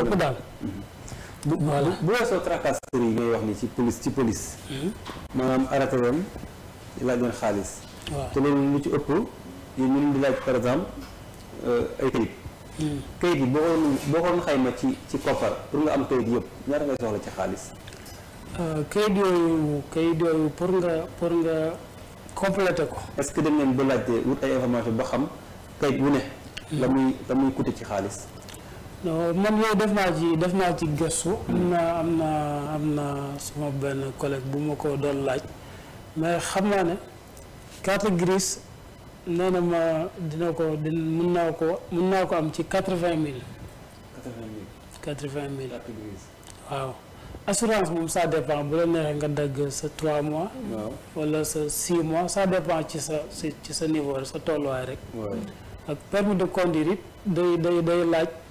ëpp daal. bu bu weesoo tracasserie yi ngay wax ni ci police ci police. Hmm. maanaam arrêté leen laa leen xaalis. te loolu lu ci ëpp yéen ñu di laaj par exemple euh, ay kayit. Hmm. kayit yi boo ko boo ko xayma ci ci koppar nga am kayit yëpp ci xaalis. Euh, kayit yooyu pour nga pour nga complété ko. est que dem ngeen ba laajte wut ay information ba xam kayit wu ne. Hmm. la muy la ci xaalis. non euh, man yooyu def naa ci def naa ci gëstu. am na am na sama benn collègue bu ma ko doon laaj mais xam naa ne carte grise nee na ma dina ko di mun naa ko mun naa ko am ci quatre vingt mille. quatre vingt mille carte waaw assurance moom ça dépend bu la neexee nga dagg sa trois mois. wala sa six mois ça dépend ci sa ci sa niveau sa tolluwaay rek. ak permis de conduire day day day laaj.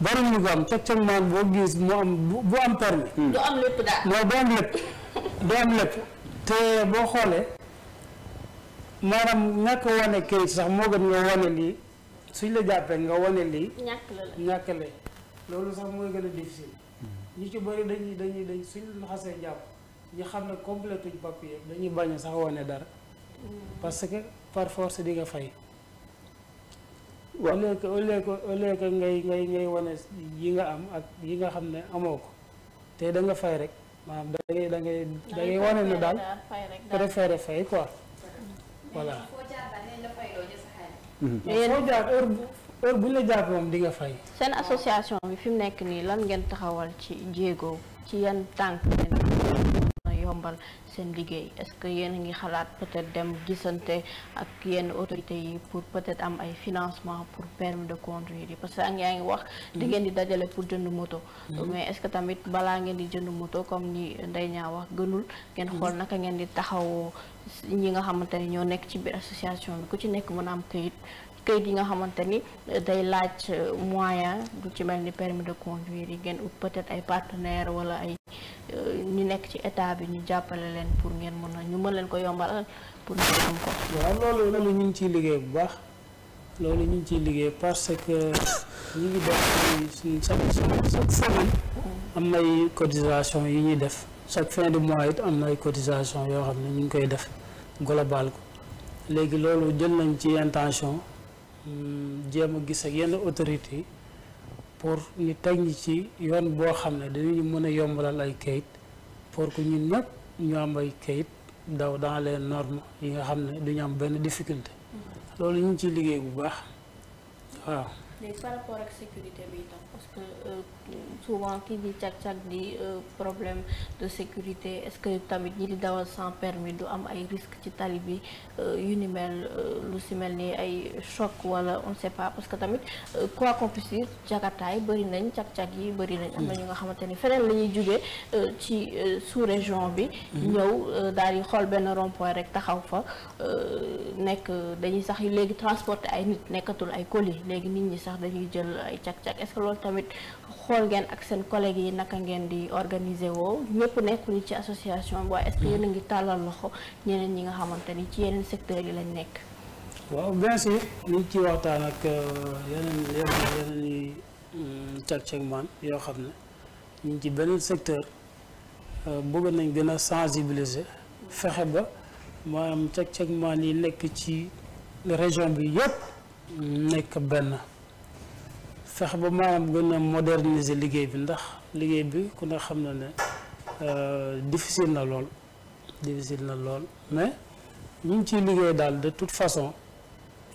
bari ñu ko am teg maan boo gis mu am bu am permis hmm. du am lépp daal non du am lépp du am lépp te boo xoolee maanaam ñàkk wane kayit sax moo gën nga wane lii suñ la jàppee nga wane lii ñàkk la loolu sax mooy gën a difficile hmm. ñu ci bëri dañuy dañuy dañ suñ xasee jàpp ñu xam ne complétuñ papier dañuy bañ sax wane dara hmm. parce que par force di nga fay waaw au lieu que au lieu que au lieu que ngay ngay ngay wane yi nga am ak yi nga xam ne amoo ko te da nga fay rek maanaam da ngay da ngay da ngay wane ne daal préféré fay quoi voilà mhm. heure bu heure bu ñu la jàpp moom di fay seen association bi fi mu nekk nii lan ngeen taxawal ci jéego ci yan tànk yombal sen liggéey est-ce que yéen ngi xalat peut-être dem gisante ak yenn autorité yi pour peut-être am ay financement pour permis de conduire parce que ak yaa wax di mm-hmm. ngeen di dajale pour jënd moto mm-hmm. mais est-ce que tamit bala ngeen di jënd moto comme ni nday ñaa wax gënul ngeen xol mm-hmm. naka ngeen di taxaw ñi nga xamanteni ño nek ci biir association ku ci nek mo a am këyit këyit yi nga xamanteni day laaj euh, moyen du ci melni permis de conduire ngeen peut-être ay partenaire wala ay ñu nekk ci état bi ñu jàppale leen pour ngeen mën na ñu mën leen ko yombalal pour ñu am ko. waaw loolu loolu ñu ngi ciy liggéey bu baax loolu ñu ngi ciy liggéey parce que ñu ngi def suñu na ay yi ñuy def chaque fin de mois it am na ay cotisation yoo xam ne ñu ngi koy def global ko léegi loolu jël nañ ci intention hmm, jéem a gis ak yenn autorités yi. pour ñu teg ci yoon bo xamné ne mëna yombalal ay kayit pour que ñun ñep ñu am ay kayit daw dans les normes yi nga xamné ne duñu am benn difficulté lolu ñu ci ciy liggéey bu baax waaw. mais par rapport ak sécurité bi itam parce que euh, souvent kii di cag-cag di euh, problème de sécurité est-ce que tamit ñi di dawal sans permis du am ay risque ci tali bi euh, yu ni mel euh, lu si mel ni ay choc wala on ne sait pas parce que tamit euh, quoi qu'on puisse dire jagataay bëri nañ cag-cag yi bëri nañ am na nga xamante ni feneen la ñuy jugee euh, ci euh, sous-région bi mm-hmm. ñëw daal di xool benn rond rek taxaw fa nekk dañuy sax léegi transporter ay nit nekkatul ay colis léegi nit ñi sax dañuy jël ay cag-cag est loolu tamit xool ngeen ak seen collègues yi naka ngeen di organiser woo ñëpp nekkul ci association bi waaye est mm-hmm. yéen a ngi tàllal loxo ñeneen ñi nga xamante ni ci yeneen secteurs yi lañ nekk waaw Vincent ñu ngi ciy waxtaan ak yeneen yeneen yi càq-càq man yoo xam ne ñu ngi ci beneen secteur bëgg nañ gën a sensibiliser fexe ba maanaam càq-càq man yi nekk ci région bi yëpp nekk benn fexe ba maanaam gën a moderniser liggéey bi ndax liggéey bi ku ne xam na ne difficile na lool difficile na lool mais ñu ngi ciy liggéey daal de toute façon.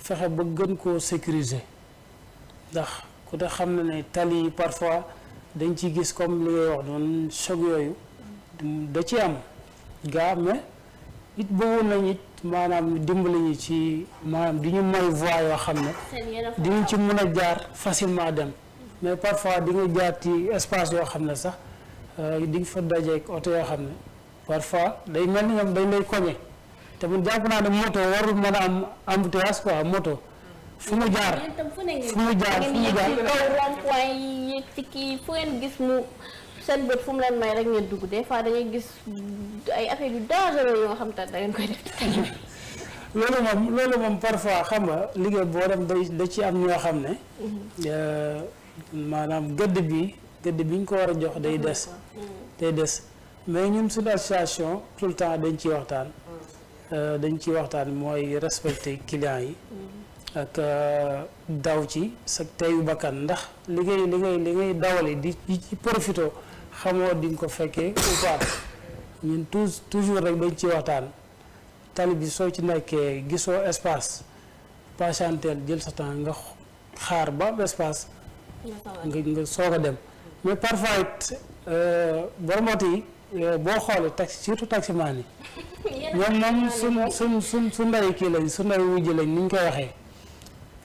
fexe ba gën koo sécuriser ndax ku te xam na ne tali yi parfois dañ ci gis comme li ngay wax doon choc yooyu da ci am gaa mais it bëggoon nañu it maanaam dimbali ñu ci maanaam di ñu may voie yoo xam ne dinañ ci mën a jaar facilement dem mais parfois di nga jaar ci espace yoo xam ne sax euh, di nga fa dajeek oto yoo xam ne parfois day mel ni ñoom dañ lay koñe te bu jàpp naa moto waru mën a am embouteillage quoi moto fumu jaar fumu jaar fumu jaar rond-point ci kii fu ngeen gis mu seen bët fu mu may rek ngeen dugg des fois dañuy gis ay affaire yu dangereux yo xam ta da ngeen koy def lolu mom lolu mom parfois xam nga liggéey bo dem da ci am ñoo xam ne manam gëdd bi gëdd bi ngi ko wara jox day dess day dess mais ñun suñu association tout le temps dañ ci waxtaan Euh, dañu ciy waxtaan mooy respecter client yi. Mm-hmm. ak euh, daw ci sa teyu bakkan ndax li ngay li ngay li ngay dawale di ci profité xamoo di nga ko fekkee ou pas ñun tous toujours rek dañ ciy waxtaan tali bi soo ci nekkee gisoo espace patienteel jël sa temps nga xaar ba am espace. nga soog a dem mais parfois euh, borom oto yi. boo xoolee taxi surtout taximaan yi. ñoom moom suñ suñ suñ su nday kii lañ su nday wujj lañ ni ñu koy waxee.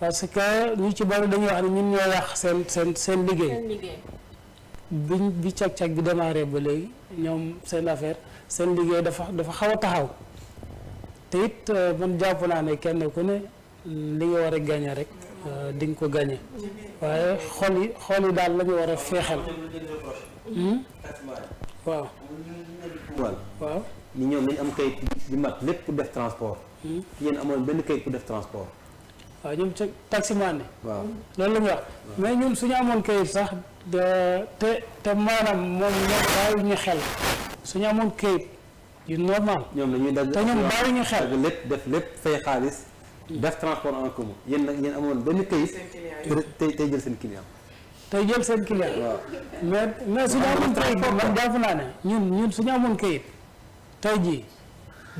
parce que ñu ci bari dañuy wax ne ñun ñoo yàq seen seen seen liggéey. biñ bi cag-cag bi démarré ba léegi ñoom seen affaire seen liggéey dafa dafa xaw a taxaw te it man jàpp naa ne kenn ku ne li nga war a gañe rek di nga ko gañe waaye xol yi xol yi daal la ñu war a feexal. waaw waaw ni ñoom dañu am kayit di mat lépp pour def transport yéen hmm. amoon benn kayit pour def transport waaw ñoom ca taximaan yi waaw loolu la ñu wax mais ñun suñu amoon kayit sax te te maanaam moom ñoom bàyyi ñu xel suñu amoon kayit yu normal ñoom dañuy dagg te ñoom bàyyi ñu xel lépp def lépp fay xaalis def transport en commun yéen nag yéen amoon benn kayit tey tey jël seen client tey jël seen client. mais mais suñu man naa ne ñun suñu amoon kayit tey jii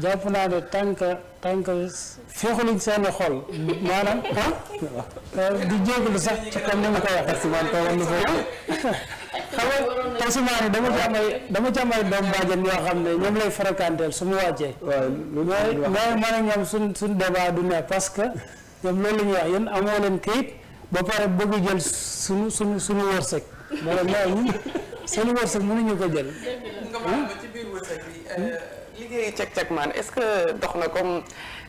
jàpp naa ne tànk tànk féexaluñ seen xol maanaam ah di jégalu sax ci comme ni ma ko waxee. xam nga Ousmane dama ci am ay dama ci am ay doom bàjjen yoo xam ne ñoom lay farakanteel su ma wàccee. waaw man ak ñoom suñ suñ du ne parce ñoom loolu ñu ñuy wax yéen amoo leen kayit. ba pare bëgg jël suñu suñu suñu wërsëg wala ñooñu seen wërsëg mënuñu ko jël. nga mën biir euh, hmm? liggéey cek cek maan est-ce que dox na comme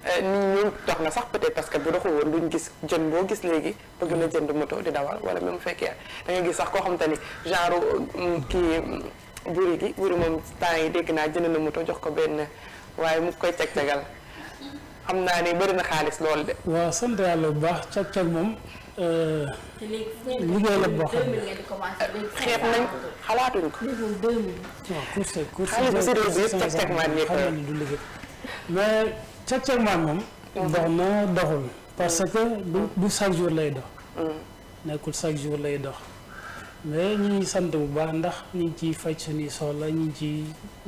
euh, nit ñu dox na sax peut parce que bu doxul woon duñ gis jën boo gis léegi bëgg na jënd moto di dawal wala même fekkee da nga gis sax koo xam ni genre mm, kii. Mm, buri gi buri moom temps yi dégg naa jënd na moto jox ko benn waaye mu koy ceg cegal xam naa ne bëri na xaalis lool de. waaw sant yàlla bu baax cag-cag moom. Euh, te léegi liggéey la boo xam ne xeet nañ xalaatuñ ko. Euh. mais cag maan moom. Mm-hmm. dox na doxul. parce mm-hmm. que du du chaque jour lay dox. Mm-hmm. nekkul chaque jour lay dox. mais ñu ngi sant bu baax ndax ñu ngi ciy faj suñuy soxla ñu ngi ciy.